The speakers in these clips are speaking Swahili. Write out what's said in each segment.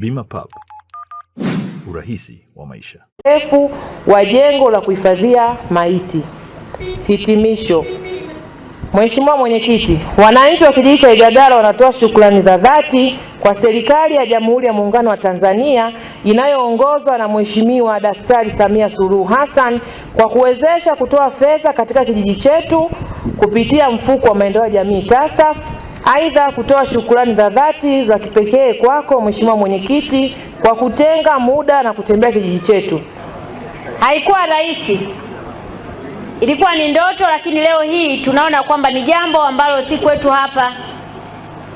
Bima Pub, urahisi wa maisha. Urefu wa jengo la kuhifadhia maiti. Hitimisho. Mheshimiwa Mwenyekiti, wananchi wa kijiji cha Igagala wanatoa shukrani za dhati kwa serikali ya Jamhuri ya Muungano wa Tanzania inayoongozwa na Mheshimiwa Daktari Samia Suluhu Hassan kwa kuwezesha kutoa fedha katika kijiji chetu kupitia mfuko wa maendeleo ya jamii TASAF Aidha, kutoa shukrani za dhati za kipekee kwako Mheshimiwa Mwenyekiti kwa kutenga muda na kutembea kijiji chetu. Haikuwa rahisi, ilikuwa ni ndoto, lakini leo hii tunaona kwamba ni jambo ambalo si kwetu hapa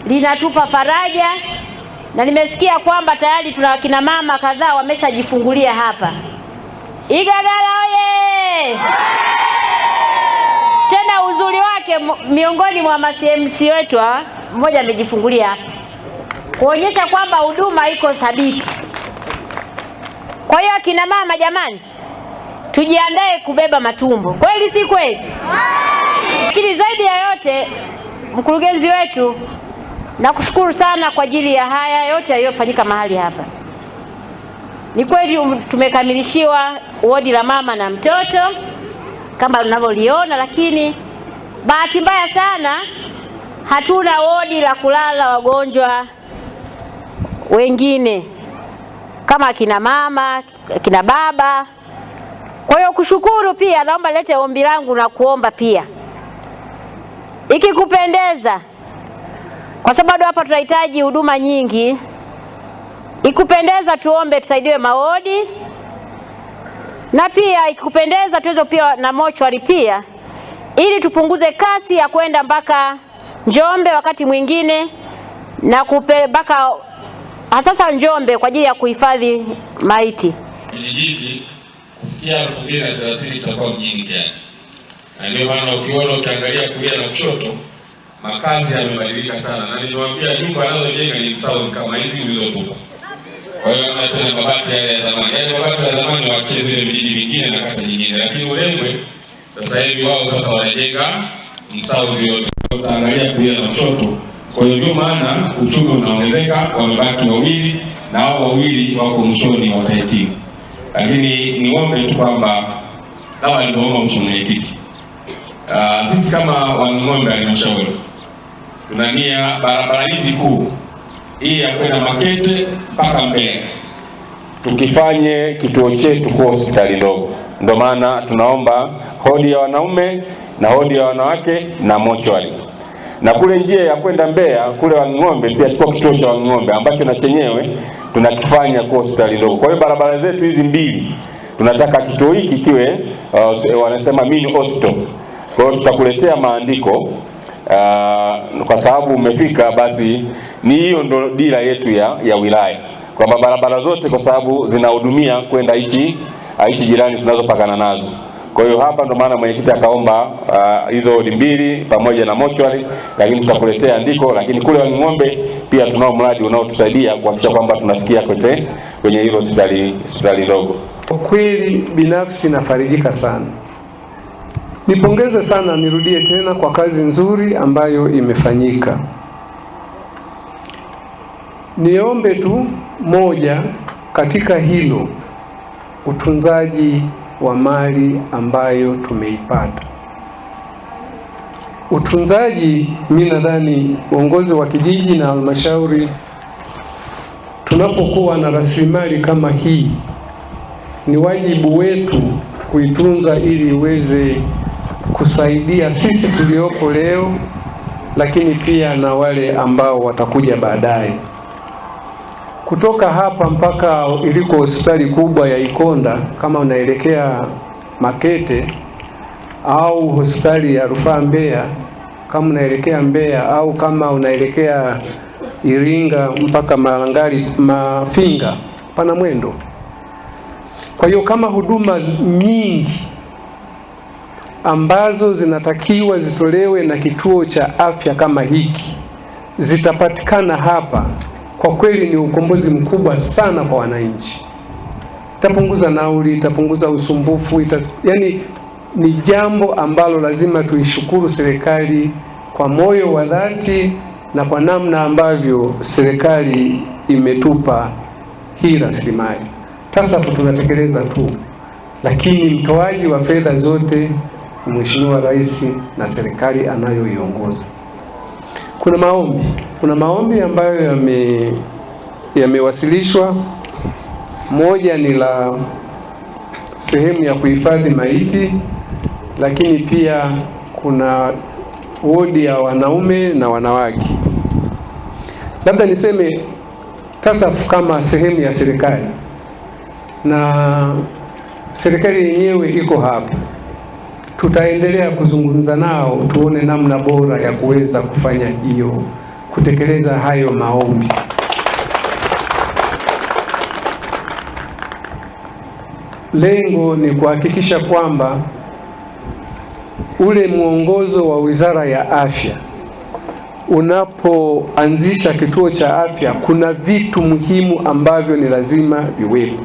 linatupa faraja, na nimesikia kwamba tayari tuna kina mama kadhaa wameshajifungulia hapa. Igagala oye! yake miongoni mwa MCMC wetu wetu ah, mmoja amejifungulia kuonyesha kwamba huduma iko thabiti. Kwa hiyo akina mama, jamani, tujiandae kubeba matumbo, kweli si kweli? Lakini zaidi ya yote, mkurugenzi wetu, nakushukuru sana kwa ajili ya haya yote yaliyofanyika mahali hapa. Ni kweli um, tumekamilishiwa wodi la mama na mtoto kama unavyoliona, lakini Bahati mbaya sana hatuna wodi la kulala wagonjwa wengine kama akina mama, akina baba. Kwa hiyo kushukuru pia, naomba lete ombi langu na kuomba pia, ikikupendeza, kwa sababu hapa tunahitaji huduma nyingi, ikupendeza, tuombe tusaidiwe mawodi, na pia ikikupendeza, tuweze pia na mochwari pia ili tupunguze kasi ya kwenda mpaka Njombe wakati mwingine na kupeleka hasasa Njombe kwa ajili ya kuhifadhi maiti. Kijiji kufikia 2030 itakuwa mjini tena, na ndio maana ukiona, ukiangalia kulia na kushoto, makazi yamebadilika sana, na niliwaambia nyumba anazojenga ni sawa kama hizi ulizotupa. Kwa hiyo ana tena mabati yale ya zamani, yale yaani mabati ya zamani waachie zile vijiji vingine na kata nyingine, lakini Ulembe sasa hivi wao sasa wanajenga msauzi vyote, tutaangalia kulia na kushoto. Kwa hiyo ndio maana uchumi unaongezeka, wamebaki wawili na hao wawili wako mwishoni watahitimu. Lakini niombe tu kwamba kama alivyoomba mheshimiwa mwenyekiti, ah, sisi kama Wanging'ombe halmashauri tuna nia barabara hizi kuu hii ya kwenda Makete mpaka Mbeya tukifanye kituo chetu kuwa hospitali ndogo. Ndio maana tunaomba hodi ya wanaume na hodi ya wanawake na mochwali Na kule njia ya kwenda Mbeya kule Wanging'ombe pia tuko kituo cha Wanging'ombe ambacho na chenyewe tunakifanya kwa hospitali ndogo. Kwa hiyo barabara zetu hizi mbili tunataka kituo hiki kiwe uh, wanasema mini hospital. Kwa hiyo tutakuletea maandiko Uh, kwa sababu umefika basi, ni hiyo ndo dira yetu ya, ya wilaya kwamba barabara zote kwa sababu zinahudumia kwenda hichi Uh, nchi jirani tunazopakana nazo. Kwa hiyo hapa ndo maana mwenyekiti akaomba uh, hizo uh, mbili pamoja na mochwari, lakini tutakuletea andiko. Lakini kule Wanging'ombe pia tunao mradi unaotusaidia kuhakikisha kwamba tunafikia kote kwenye hilo hospitali hospitali ndogo. Kwa kweli binafsi nafarijika sana, nipongeze sana, nirudie tena kwa kazi nzuri ambayo imefanyika. Niombe tu moja katika hilo utunzaji wa mali ambayo tumeipata. Utunzaji, mimi nadhani uongozi wa kijiji na halmashauri, tunapokuwa na rasilimali kama hii, ni wajibu wetu kuitunza ili iweze kusaidia sisi tuliopo leo, lakini pia na wale ambao watakuja baadaye kutoka hapa mpaka iliko hospitali kubwa ya Ikonda, kama unaelekea Makete au hospitali ya rufaa Mbeya kama unaelekea Mbeya au kama unaelekea Iringa mpaka Malangali Mafinga, pana mwendo. Kwa hiyo kama huduma nyingi ambazo zinatakiwa zitolewe na kituo cha afya kama hiki zitapatikana hapa kwa kweli ni ukombozi mkubwa sana kwa wananchi. Itapunguza nauli, itapunguza usumbufu ita, yani ni jambo ambalo lazima tuishukuru serikali kwa moyo wa dhati na kwa namna ambavyo serikali imetupa hii rasilimali. TASAF tunatekeleza tu, lakini mtoaji wa fedha zote ni Mheshimiwa Rais na serikali anayoiongoza. Kuna maombi, kuna maombi ambayo yame yamewasilishwa. Moja ni la sehemu ya kuhifadhi maiti, lakini pia kuna wodi ya wanaume na wanawake. Labda niseme TASAF kama sehemu ya serikali na serikali yenyewe iko hapa tutaendelea kuzungumza nao tuone namna bora ya kuweza kufanya hiyo kutekeleza hayo maombi. Lengo ni kuhakikisha kwamba ule mwongozo wa Wizara ya Afya unapoanzisha kituo cha afya, kuna vitu muhimu ambavyo ni lazima viwepo.